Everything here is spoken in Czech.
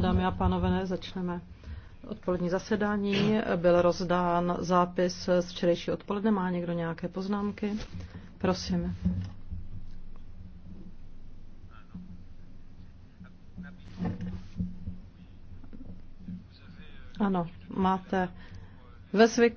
Dámy a pánové, začneme odpolední zasedání. Byl rozdán zápis z včerejší odpoledne. Má někdo nějaké poznámky? Prosím. Ano, máte ve zvyku